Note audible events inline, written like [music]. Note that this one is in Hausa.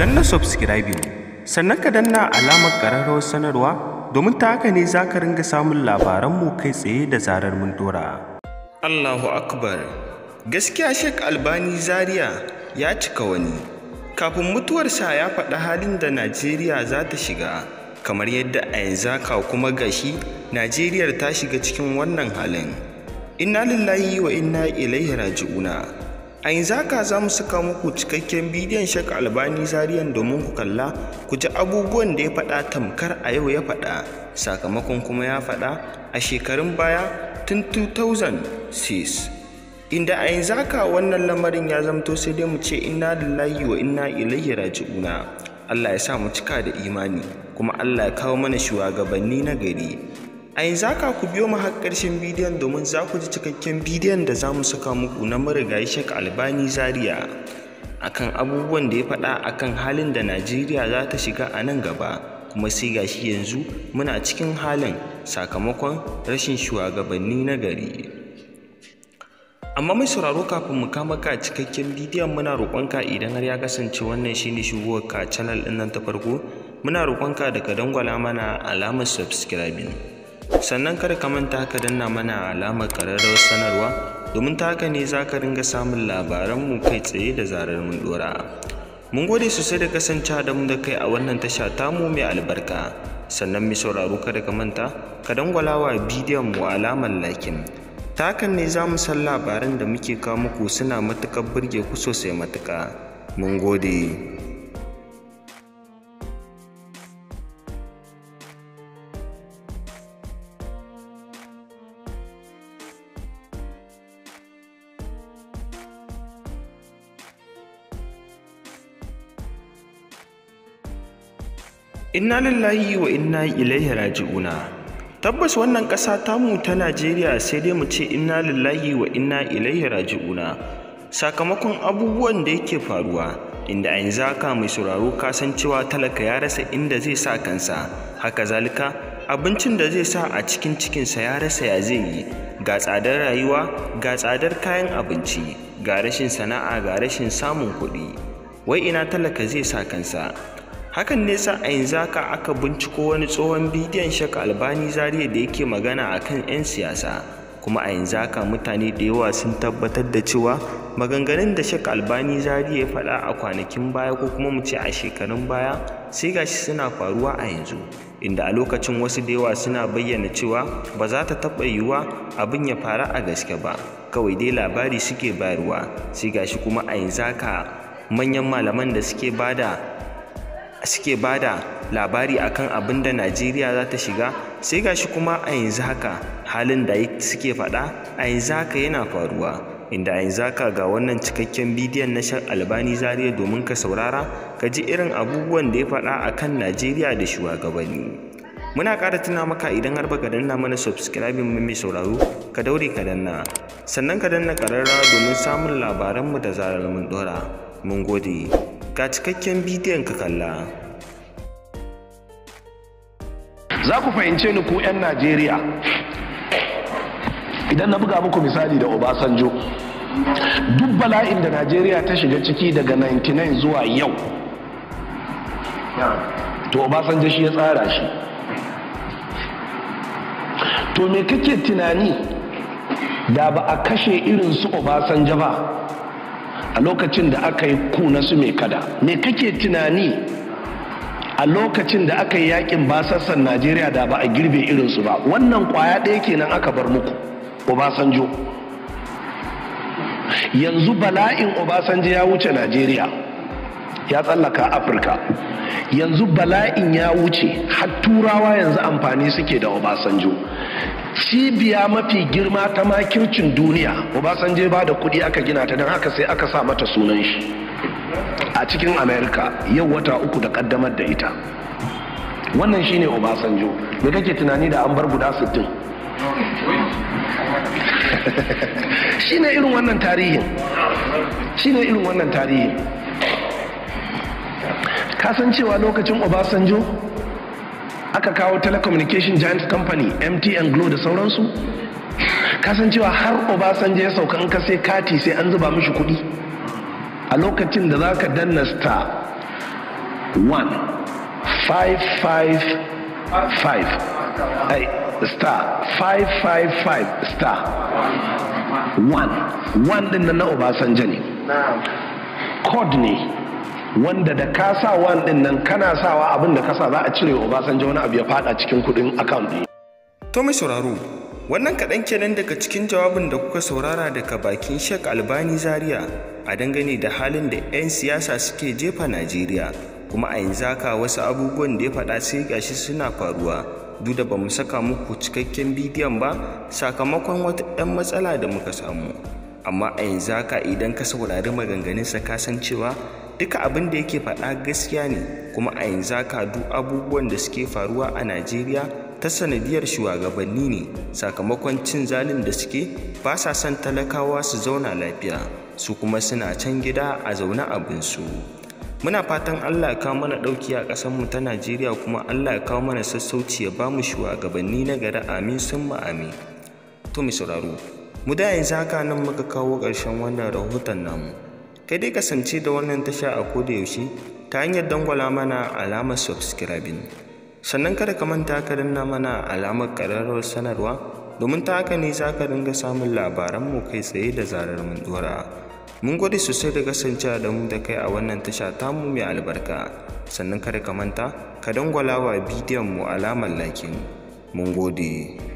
danna subscribing sannan ka danna alamar ƙararrawar sanarwa domin ta haka ne za ka ringa samun labaranmu kai tsaye da zarar mun dora. Allahu Akbar gaskiya Sheikh Albani Zaria ya cika wani kafin mutuwarsa ya faɗi halin da Najeriya za ta shiga kamar yadda a yanzu haka kuma gashi Najeriya ta shiga cikin wannan halin. Inna lillahi wa inna ilaihi raji'una. a yanzu haka za mu saka muku cikakken bidiyon shek albani zariyan domin ku kalla ku ji abubuwan da ya faɗa tamkar a yau ya faɗa sakamakon kuma ya faɗa a shekarun baya tun 2006 inda a yanzu haka wannan lamarin ya zamto sai dai mu ce inna lillahi wa inna ilaihi raji'una Allah ya sa mu cika da imani kuma Allah ya kawo mana shugabanni na gari A yanzu haka ku biyo mu har ƙarshen bidiyon domin za ku ji cikakken bidiyon da za mu saka muku na marigayi Sheikh Albani Zaria akan abubuwan da ya faɗa akan halin da Najeriya za ta shiga a nan gaba kuma sai gashi yanzu muna cikin halin sakamakon rashin shugabanni na gari. amma mai sauraro kafin mu kama ka cikakken bidiyon muna roƙonka idan har ya kasance wannan shine shigowar ka channel ɗin nan ta farko muna roƙonka da ka dangwala mana alamar subscribing sannan kada ka manta ka danna mana alamar ƙararrawar sanarwa domin ta haka ne za ka ringa samun labaranmu kai tsaye da zarar mun ɗora mun gode sosai da kasancewa da mu da kai a wannan tasha tamu mai albarka sannan mai sauraro kada ka manta ka dangwala wa bidiyon mu alamar lakin ta hakan ne za mu san labaran da muke kawo muku suna matuƙar burge ku sosai matuƙa mun gode Inna lillahi wa inna ilaihi raji'una. Tabbas wannan ƙasa tamu ta Najeriya sai dai mu ce inna lillahi wa inna ilaihi raji'una. Sakamakon abubuwan da yake faruwa, inda a yanzu haka mai sauraro cewa talaka ya rasa inda zai sa kansa, haka zalika abincin da zai sa a cikin cikinsa ya rasa ya zai yi, ga tsadar rayuwa, ga tsadar kayan abinci, ga rashin sana'a, ga rashin samun kuɗi. Wai ina talaka zai sa kansa? hakan ne sa a yanzu haka aka binciko wani tsohon bidiyon shak albani zariya da yake magana a kan 'yan siyasa kuma a yanzu haka mutane da yawa sun tabbatar da cewa maganganun da shak albani zariya ya faɗa a kwanakin baya ko kuma mu ce a shekarun baya sai gashi suna faruwa a yanzu inda a lokacin wasu da yawa suna bayyana cewa ba za ta taɓa yiwuwa abin ya faru a gaske ba kawai dai labari suke bayarwa sai gashi kuma a yanzu haka manyan malaman da suke bada suke ba da labari akan abin da najeriya za ta shiga sai ga shi kuma a yanzu haka halin da suke faɗa a yanzu haka yana faruwa inda a yanzu haka ga wannan cikakken bidiyon na shan albani zariya domin ka saurara ka ji irin abubuwan da ya faɗa akan najeriya da shugabanni muna ƙara tuna maka idan har ba ka danna mana subscribing mu mai sauraro ka daure ka danna sannan ka danna ƙararrawa domin samun labaranmu da zarar mun dora mun gode ga cikakken bidiyon ka kalla za ku fahimce ni ku 'yan najeriya idan na buga muku misali da obasanjo duk bala'in da najeriya ta shiga ciki daga 99 zuwa yau to obasanjo shi ya tsara shi to me kake tunani da ba a kashe irin su obasanjo ba a lokacin da aka yi kuna su mai kada me kake tunani a lokacin da aka yi yakin basassan najeriya da ba a girbe irinsu ba wannan kwaya ɗaya kenan aka bar muku obasanjo yanzu bala'in obasanjo ya wuce najeriya ya tsallaka afirka yanzu bala'in ya wuce har turawa yanzu amfani suke da obasanjo cibiya mafi girma ta makircin duniya obasanjo ba da kuɗi aka gina ta don haka sai aka sa mata sunan shi a cikin america yau wata uku da kaddamar da ita wannan shine obasanjo da kake tunani da an bar guda sittin? [laughs] shine irin wannan tarihin shine irin wannan tarihin kasancewa lokacin obasanjo aka kawo telecommunication giant company mtn glo da sauransu kasancewa har obasanjo ya sauka in ka sai kati sai an zuba mishi kuɗi a lokacin da za ka danna star 1 555 star 555 star 1 1 din na obasanjo ne code ne wanda da ka sa wan din nan kana sawa abin da ka sa za a cire Obasanjo wani abu ya fada cikin kudin account din to mai sauraro wannan kaɗan kenan daga cikin jawabin da kuka saurara daga bakin Sheikh Albani Zaria a dangane da halin da 'yan siyasa suke jefa Najeriya kuma a yanzu haka wasu abubuwan da ya faɗa sai gashi suna faruwa duk da ba mu saka muku cikakken bidiyon ba sakamakon wata 'yan matsala da muka samu amma a yanzu haka idan ka saurari maganganunsa ka san cewa duka abin da yake faɗa gaskiya ne kuma a yanzu haka duk abubuwan da suke faruwa a najeriya ta sanadiyar shugabanni ne sakamakon cin zalin da suke ba sa son talakawa su zauna lafiya su kuma suna can gida a zaune abinsu muna fatan allah ya kawo mana ɗauki a ƙasarmu ta najeriya kuma allah ya kawo mana sassauci ya ba mu shugabanni na gari amin sun amin to sauraro mu da yanzu haka nan muka kawo ƙarshen wannan rahoton namu kai dai kasance da wannan tasha a koda yaushe ta hanyar dangwala mana alamar subscribing sannan kada ka manta ka danna mana alamar kararrawar sanarwa domin ta haka ne za ka dinga samun mu kai tsaye da zarar mun dora mun gode sosai da kasancewa da mu da kai a wannan tasha ta mu mai albarka sannan kada ka manta ka dangwala wa bidiyon mu alamar lakin mun gode